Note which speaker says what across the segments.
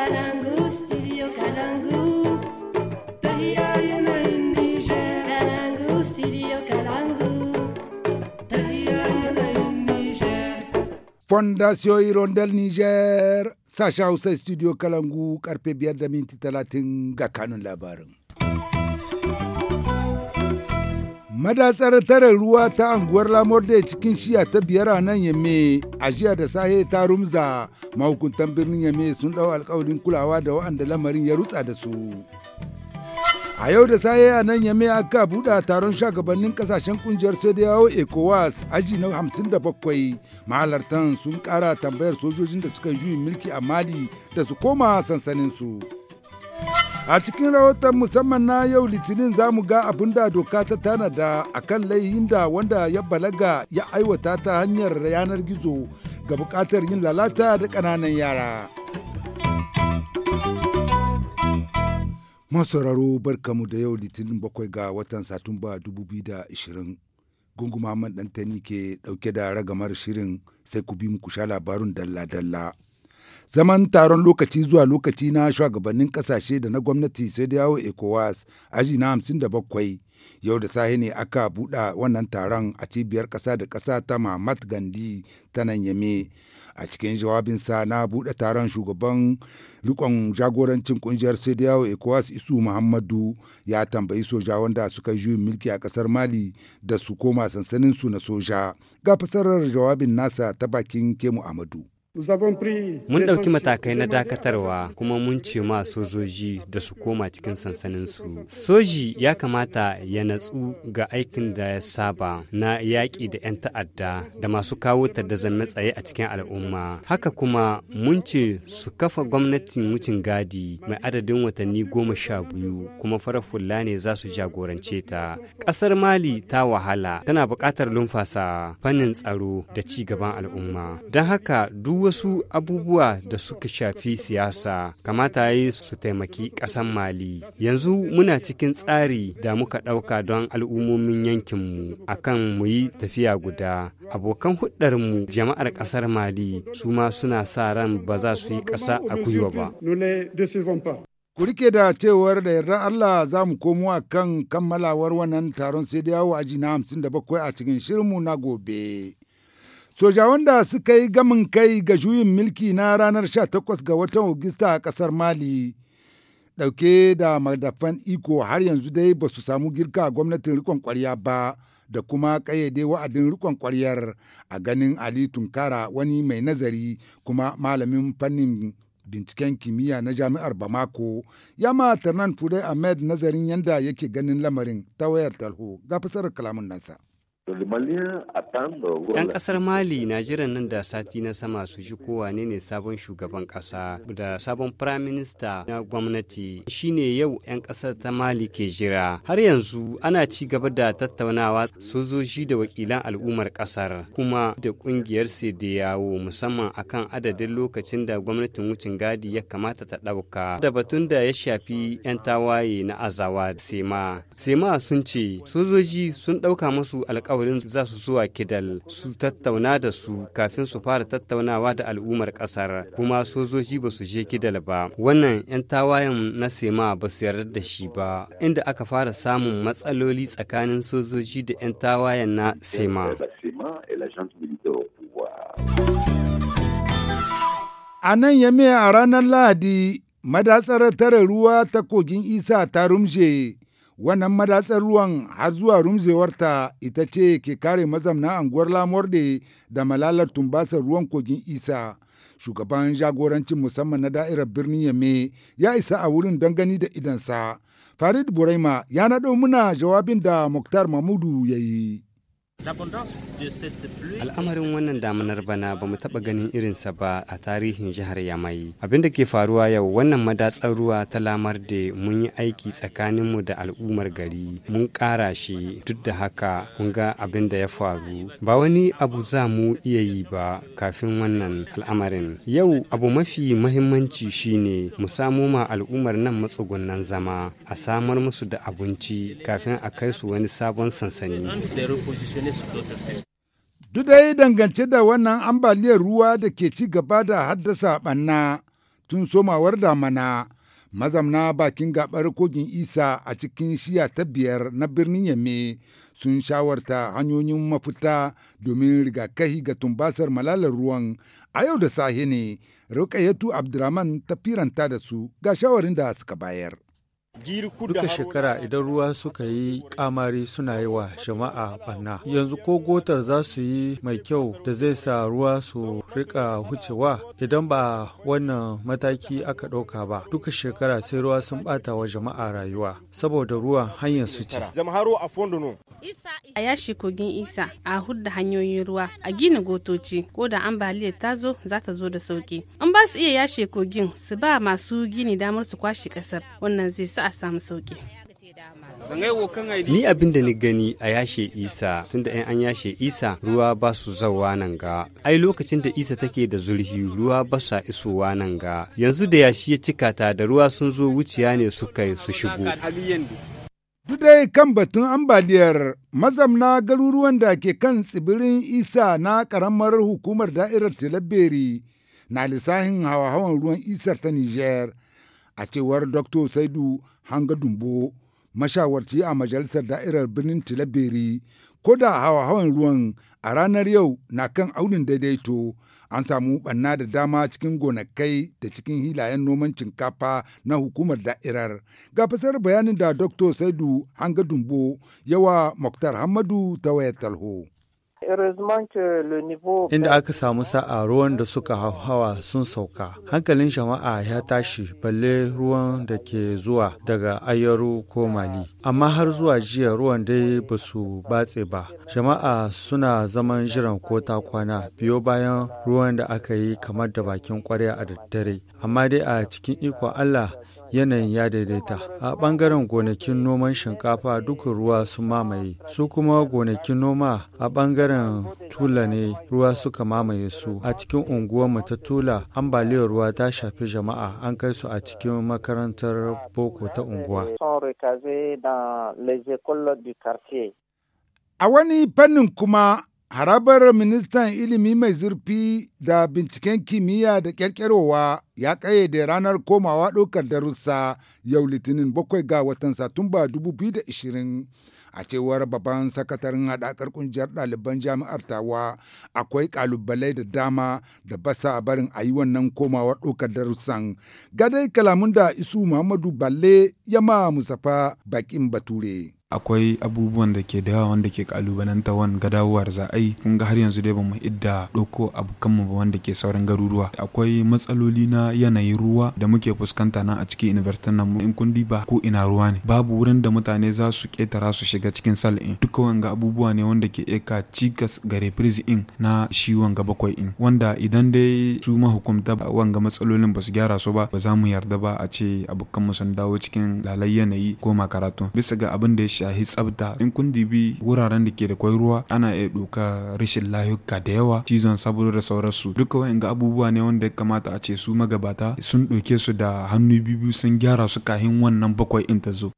Speaker 1: Kalangu, studio Kalangu. sacha yanayin Kalangu, studio Kalangu.
Speaker 2: karpe yanayin biyar da minti talatin ga kanun labarin. Madatsar tare ruwa ta anguwar Lamorde cikin shiya ta biyar a nan Yamme a jiya da sahe ta rumza mahukuntan birnin Yamme sun dau alkawarin kulawa da wa'anda lamarin ya rutsa da su. A yau da sahe a nan Yamme aka buɗa taron shugabannin kasashen kungiyar sai da yawo ECOWAS aji na hamsin da bakwai, mahalartan sun ƙara tambayar sojojin da suka juyin mulki a Mali da su koma sansaninsu. su. A cikin rahoton musamman na yau Litinin za mu ga abin da doka ta tanada a kan laihin da wanda ya balaga ya aiwata ta hanyar yanar gizo ga bukatar yin lalata da ƙananan yara. Masauraro kamu da yau Litinin bakwai ga watan Satumba 2020. Gungu man Dantani ke ɗauke da ragamar shirin sai ku bi mu ku sha labarun dalla-dalla. Zaman taron lokaci zuwa lokaci na shugabannin kasashe da na gwamnati sai da yawo ECOWAS aji na hamsin da bakwai. Yau da sahi ne aka buɗa wannan taron a cibiyar ƙasa da ƙasa ta Mamat Gandi ta nan Yame. A cikin jawabinsa na buɗe taron shugaban rikon jagorancin ƙungiyar sai da yawo ECOWAS Isu Muhammadu ya tambayi soja wanda suka yi mulki a ƙasar Mali da su koma sansaninsu na soja. Ga fasarar jawabin nasa ta bakin Kemu Amadu. Mun ɗauki
Speaker 3: matakai na dakatarwa kuma mun ce ma sojoji da su koma cikin sansaninsu. Soji ya kamata ya natsu ga aikin da ya saba na yaƙi da 'yan ta'adda da masu kawo ta tarzoma tsaye a cikin al'umma. Haka kuma mun ce su kafa gwamnatin wucin gadi mai adadin watanni goma sha biyu kuma farar hula ne za su jagorance ta. Ƙasar Mali ta wahala tana buƙatar lumfasa fannin tsaro da ci gaban al'umma. Don haka duk wasu abubuwa da suka shafi siyasa kamata yi su taimaki ƙasan mali yanzu muna cikin tsari da muka ɗauka don al'ummomin yankinmu akan mu yi tafiya guda abokan hudarmu jama'ar ƙasar mali su ma suna sa ran ba za su yi ƙasa a gwiwa ba
Speaker 2: Ku rike da cewar da yarda Allah za mu komo a kan kammalawar wannan taron sai da yawo aji na 57 a cikin shirinmu na gobe. Sojawan da suka yi gamin kai ga juyin mulki na ranar 18 ga watan Ogista a ƙasar Mali ɗauke da madafan iko har yanzu dai ba su samu girka gwamnatin rikon ƙwarya ba da kuma ƙayyade wa'adin rikon ƙwaryar a ganin Ali Tunkara wani mai nazari kuma malamin fannin binciken kimiyya na jami'ar Bamako ya ma Tarnan fudai Ahmed nazarin yadda yake ganin lamarin ta wayar talho ga fasarar kalamun nasa.
Speaker 3: Yan kasar Mali na jiran nan da sati na sama su shi kowa ne sabon shugaban kasa da sabon firaminista na gwamnati shine yau 'yan kasar ta Mali ke jira. Har yanzu ana ci gaba da tattaunawa sojoji da wakilan al'ummar kasar kuma da kungiyar yawo musamman akan adadin lokacin da gwamnatin wucin gadi ya kamata ta ɗauka da batun da ya shafi 'yan tawaye na azawa sema. Sema sun ce sojoji sun ɗauka masu alkawari alƙawarin za su zuwa kidal su tattauna da su kafin su fara tattaunawa da al'ummar ƙasar kuma sojoji ba su je kidal ba wannan 'yan tawayen na sema ba su yarda da shi ba inda aka fara samun matsaloli tsakanin sojoji da 'yan tawayen na sema
Speaker 2: A nan yame a ranar Lahadi, madatsar tare ruwa ta kogin Isa ta rumje Wannan madatsar ruwan har zuwa rumzewarta ita ce ke kare mazamna anguwar Lamorde da malalar tumbasar ruwan kogin Isa. Shugaban jagorancin musamman na da'irar birnin Yame ya isa a wurin don gani da idansa. Farid Buraima ya naɗo muna jawabin da Muktar Mamudu ya yi.
Speaker 3: Al'amarin wannan damanar bana ba mu taɓa ganin irinsa ba a tarihin jihar Yamai. Abin da ke faruwa yau wannan madatsar ruwa ta lamar da mun yi aiki tsakaninmu da al'ummar gari mun ƙara shi duk da haka mun ga abin da ya faru. Ba wani abu za mu iya yi ba kafin wannan al'amarin. Yau abu mafi mahimmanci shine mu samo ma al'ummar nan matsugunan zama a samar musu da abinci kafin a kai su wani sabon sansani.
Speaker 2: Duk dangance da wannan ambaliyar ruwa da ke ci gaba da haddasa ɓanna tun somawar damana, mazamna bakin gabar kogin isa a cikin shiya ta biyar na birnin yame sun shawarta hanyoyin mafita domin rigakahi ga tumbasar malalar ruwan a yau da sahe ne, Rukayatu abdulrahman ta firanta da su ga shawarin da suka bayar.
Speaker 4: Duka shekara idan ruwa suka yi kamari suna yi wa jama'a banna. Yanzu ko gotar za su yi mai kyau da zai sa ruwa su rika hucewa idan ba wannan mataki aka ɗauka ba. Duka shekara sai ruwa sun ɓata wa jama'a rayuwa saboda ruwan hanyar su ce.
Speaker 1: a yashi kogin isa a hudda hanyoyin ruwa a gina gotoci ko da ambaliyar ta zo za ta zo da sauki an ba su iya yashe kogin su ba masu gini damar su kwashe kasar wannan zai sa a samu sauki
Speaker 3: Ni abin da ni gani a yashe Isa tunda in an yashe Isa ruwa ba su zauwa nan ga. Ai lokacin da Isa take da zurhi ruwa ba sa isowa nan ga. Yanzu da yashi ya cika ta da ruwa sun zo wuciya ne suka su shigo.
Speaker 2: dai kan batun ambaliyar mazamna garuruwan da ke kan tsibirin isa na karamar hukumar da'irar tilaberi na lissahin hawa-hawan ruwan isar ta niger a cewar dr saidu hanga dumbo mashawarci a majalisar da'irar birnin tilaberi ko da hawa-hawan ruwan a ranar yau na kan aunin daidaito An samu ɓanna da dama cikin gonakai da cikin hilayen noman shinkafa na hukumar da'irar. Ga fasar bayanin da Dr. Saidu Hanga Dumbo yawa Muktar Hamadu ta wayar talho.
Speaker 4: Inda aka samu sa'a ruwan da suka hawa sun sauka. Hankalin jama'a ya tashi balle ruwan da ke zuwa daga ayyaru ko Mali. Amma har zuwa jiya ruwan dai ba su batse ba. Jama'a suna zaman jiran ko ta kwana biyo bayan ruwan da aka yi kamar da bakin kwarya a daddare. Amma dai a cikin ikon Allah yanayin ya daidaita a ɓangaren gonakin noman shinkafa duk ruwa su mamaye su kuma gonakin noma a bangaren tula ne ruwa suka mamaye su a cikin unguwarmu ta tula ambaliyar ruwa ta shafi jama'a an kai su a cikin makarantar boko ta unguwa
Speaker 2: a wani fannin kuma Harabar ministan ilimi mai zurfi da binciken kimiyya da ƙyarƙyarowa ya da ranar komawa ɗaukar darussa yau litinin bakwai ga watan Satumba 2020. a cewar babban sakataren haɗakar ƙungiyar ɗaliban jami'ar tawa akwai ƙalubalai da dama da basa barin a yi wannan komawa ɗaukar darussan gadai kalamun da isu muhammadu balle yama musafa baƙin bature.
Speaker 4: akwai abubuwan da ke da yawa wanda ke kalubalanta wanga dawowar za a yi kun ga har yanzu dai mu idda ɗauko abokanmu ba wanda ke sauran garuruwa akwai matsaloli na yanayin ruwa da muke fuskanta na a cikin universitin nan in kun diba ko ina ruwa ne babu wurin da mutane za su ketara su shiga cikin sal in duka wanga abubuwa ne wanda ke eka cikas ga reprise in na shi wanga bakwai in wanda idan dai su mahukumta wanga matsalolin ba su gyara su ba ba za mu yarda ba a ce mu sun dawo cikin lalai yanayi ko makaratu bisa ga abin da ya shahi tsabta in kun dibi wuraren da ke da kwai ruwa ana iya ɗauka rashin layuka da yawa cizon saboda da sauransu duka wa'in ga abubuwa ne wanda ya kamata a ce su magabata sun ɗauke su da hannu biyu sun gyara su kahin wannan bakwai in ta zo.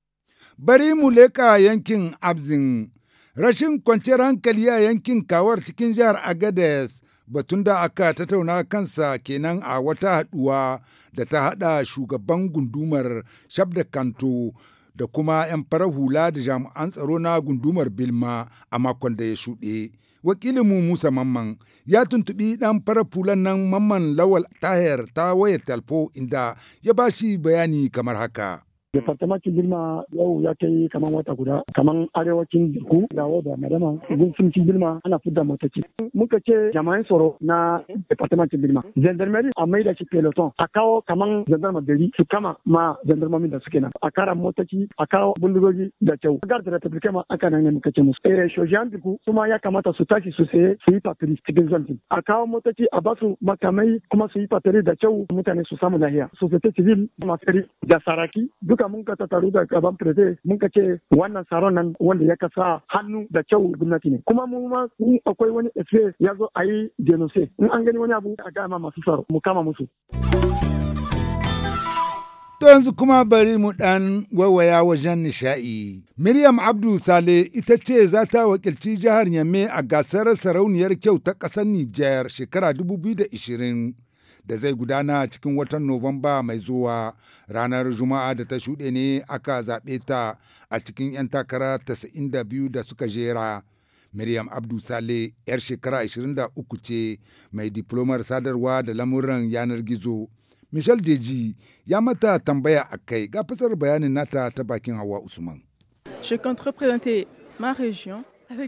Speaker 2: Bari mu leka yankin Abzin. Rashin kwanciyar hankali a yankin kawar cikin jihar Agades batun da aka tattauna kansa kenan a wata haɗuwa da ta haɗa shugaban gundumar Shabda Kanto da kuma 'yan farar hula da jami'an tsaro na gundumar Bilma a makon da ya shuɗe. wakilin mu Musa Mamman ya tuntubi ɗan farar hulan nan Mamman Lawal Tahir ta wayar talfo inda ya ba shi bayani kamar haka. Departamentin Bilma yau
Speaker 4: ya kai kaman wata guda kaman arewacin Jirku gawo da Madama gumsumcin Bilma ana fidda motoci. Muka ce jama'in tsaro na Departamentin Bilma. Gendarmerie a mai da shi peloton a kawo kaman gendarma gari su kama ma gendarmomin da suke nan. A kara motoci a kawo bindigogi da kyau. Garda da ma a aka nan ne muka ce musu. Eh shojiyan ya kamata su tashi su saye su yi cikin A kawo motoci a basu makamai kuma su yi patri da kyau mutane su samu lahiya. Societe civil, mafari da saraki duka duka mun ka tattaru da gaban preze mun ka ce wannan saron nan wanda ya kasa hannu da kyau gwamnati ne kuma mu ma akwai
Speaker 2: wani efe ya zo a yi denose in an gani wani abu a gama masu tsaro mu kama musu. To yanzu kuma bari mu ɗan waiwaya wajen nishaɗi. Miriam Abdu Sale ita ce za ta wakilci jihar Yamme a gasar sarauniyar kyau ta ƙasar Nijar shekara 2020. da zai gudana cikin watan Nuwamba mai zuwa ranar Juma'a da ta shuɗe ne aka zaɓe ta a cikin 'yan takara 92 da suka jera. miriam Abdu Sale, 'yar shekara 23 ce mai diplomar sadarwa da lamuran yanar gizo. Michel Deji ya mata tambaya a kai ga fasar bayanin nata ta bakin Hawa Usman.
Speaker 1: Je ma région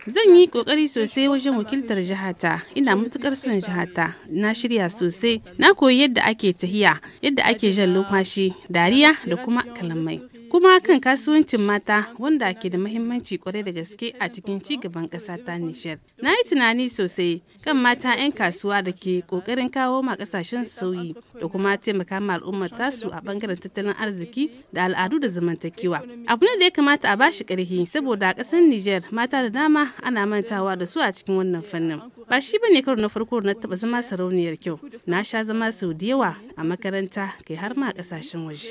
Speaker 1: Zan yi kokari sosai wajen wakiltar jihata. Ina matukar son jihata. Na shirya sosai. Na koyi yadda ake tahiya, yadda ake jan lumashi dariya da kuma kalamai. kuma kan kasuwancin mata wanda ke da mahimmanci kwarai da gaske a cikin ci gaban kasa ta Nijar. Na yi tunani sosai kan mata 'yan kasuwa da ke kokarin kawo ma kasashen sauyi da kuma taimaka ma al'ummar tasu a bangaren tattalin arziki da al'adu da zamantakewa. Abu ne da ya kamata a bashi karhi saboda a ƙasar Nijar mata da dama ana mantawa da su a cikin wannan fannin. Ba shi ne karo na farko na taɓa zama sarauniyar kyau. Na sha zama sau da yawa a makaranta kai har ma a ƙasashen waje.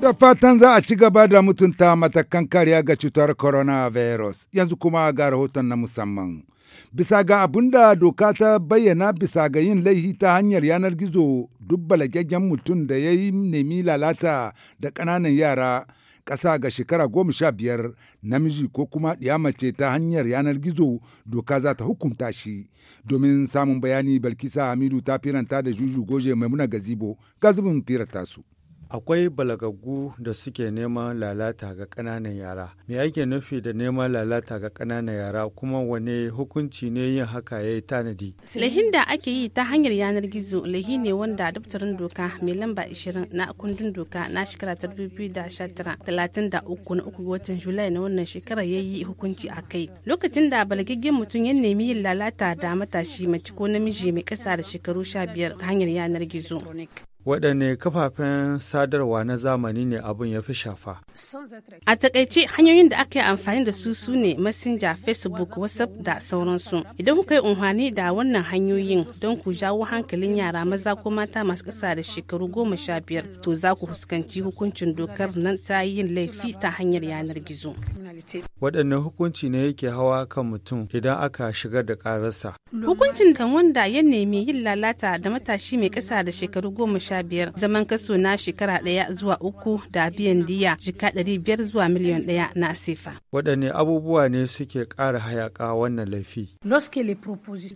Speaker 2: Da fatan za a ci gaba da mutunta matakan kariya ga cutar coronavirus yanzu kuma ga rahoton na musamman. Bisa ga abin da doka ta bayyana bisa ga yin laihi ta hanyar yanar gizo duk balagaggen mutum da ya yi nemi lalata da ƙananan yara ƙasa ga shekara goma sha biyar namiji ko kuma mace ta hanyar yanar gizo doka za ta hukunta shi domin samun bayani balkisa hamidu ta firanta da juju goje maimuna gazibo gazibin firanta su.
Speaker 4: Akwai balagaggu da suke neman lalata ga ƙananan yara. Me ake nufi da neman lalata ga kananan yara kuma wane hukunci ne yin haka ya yi tanadi?
Speaker 1: Lahin da ake yi ta hanyar yanar gizo lahi ne wanda daftarin doka mai lamba 20 na kundin doka na shekara ta 2019 33 na uku watan Julai na wannan shekarar ya yi hukunci a kai. Lokacin da balagaggen mutum ya nemi yin lalata da matashi mace ko namiji mai ƙasa da shekaru 15 ta hanyar yanar gizo.
Speaker 4: waɗanne kafafen sadarwa na zamani ne abin ya fi shafa.
Speaker 1: A takaice hanyoyin da aka yi amfani da su su ne Messenger, Facebook, WhatsApp da sauransu. Idan kuka yi unhwani da wannan hanyoyin don ku jawo hankalin yara maza ko mata masu ƙasa da shekaru goma sha biyar to za ku fuskanci hukuncin dokar nan ta yin laifi ta hanyar yanar gizo.
Speaker 4: Waɗanne hukunci ne yake hawa kan mutum idan aka shigar da ƙararsa?
Speaker 1: Hukuncin kan wanda ya nemi yin lalata da matashi mai ƙasa da shekaru goma sha sha biyar zaman kaso na shekara daya zuwa uku da biyan diya jika ɗari biyar zuwa miliyan ɗaya na sifa
Speaker 4: Waɗanne abubuwa ne suke ƙara hayaka wannan laifi?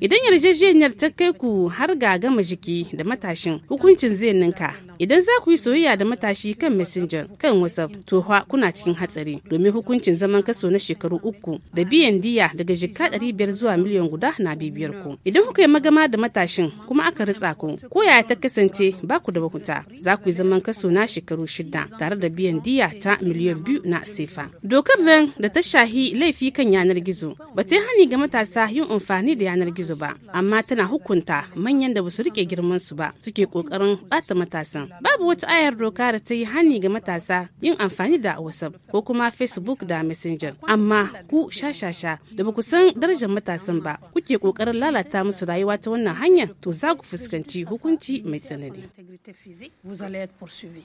Speaker 1: Idan yarjejeniyar ta kai ku har ga gama jiki da matashin hukuncin zai ninka. Idan za ku yi soyayya da matashi kan messenger kan whatsapp to kuna cikin hatsari domin hukuncin zaman kaso na shekaru uku da biyan diya daga jika ɗari biyar zuwa miliyan guda na bibiyar ku. Idan kuka yi magama da matashin kuma aka ritsa ku ko yaya ta kasance ba ku ku da bakuta za ku yi zaman kaso na shekaru shida tare da biyan diya ta miliyan biyu na sefa dokar nan da ta shahi laifi kan yanar gizo ba ta hani ga matasa yin amfani da yanar gizo ba amma tana hukunta manyan da ba su rike girman su ba suke kokarin bata matasan babu wata ayar doka da ta yi hani ga matasa yin amfani da whatsapp ko kuma facebook da messenger amma ku shashasha da ba ku san darajar matasan ba kuke kokarin lalata musu rayuwa ta wannan hanyar to za ku fuskanci hukunci mai tsanani vous allez être poursuivi.